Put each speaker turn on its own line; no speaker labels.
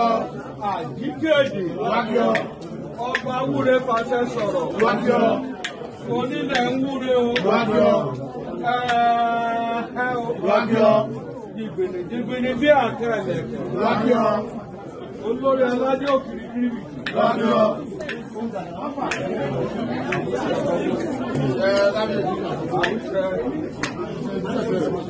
wáyọ
àjíkèjì wáyọ ọba
wúre fàṣẹ sọ̀rọ̀ wáyọ onílẹ̀ ń wúre o wáyọ ẹ̀ẹ́ wáyọ dìgbìnìdìgbìnì bí àtẹ̀lẹ̀ wáyọ olórí aládé òkìrìkìrì wáyọ. Thank you.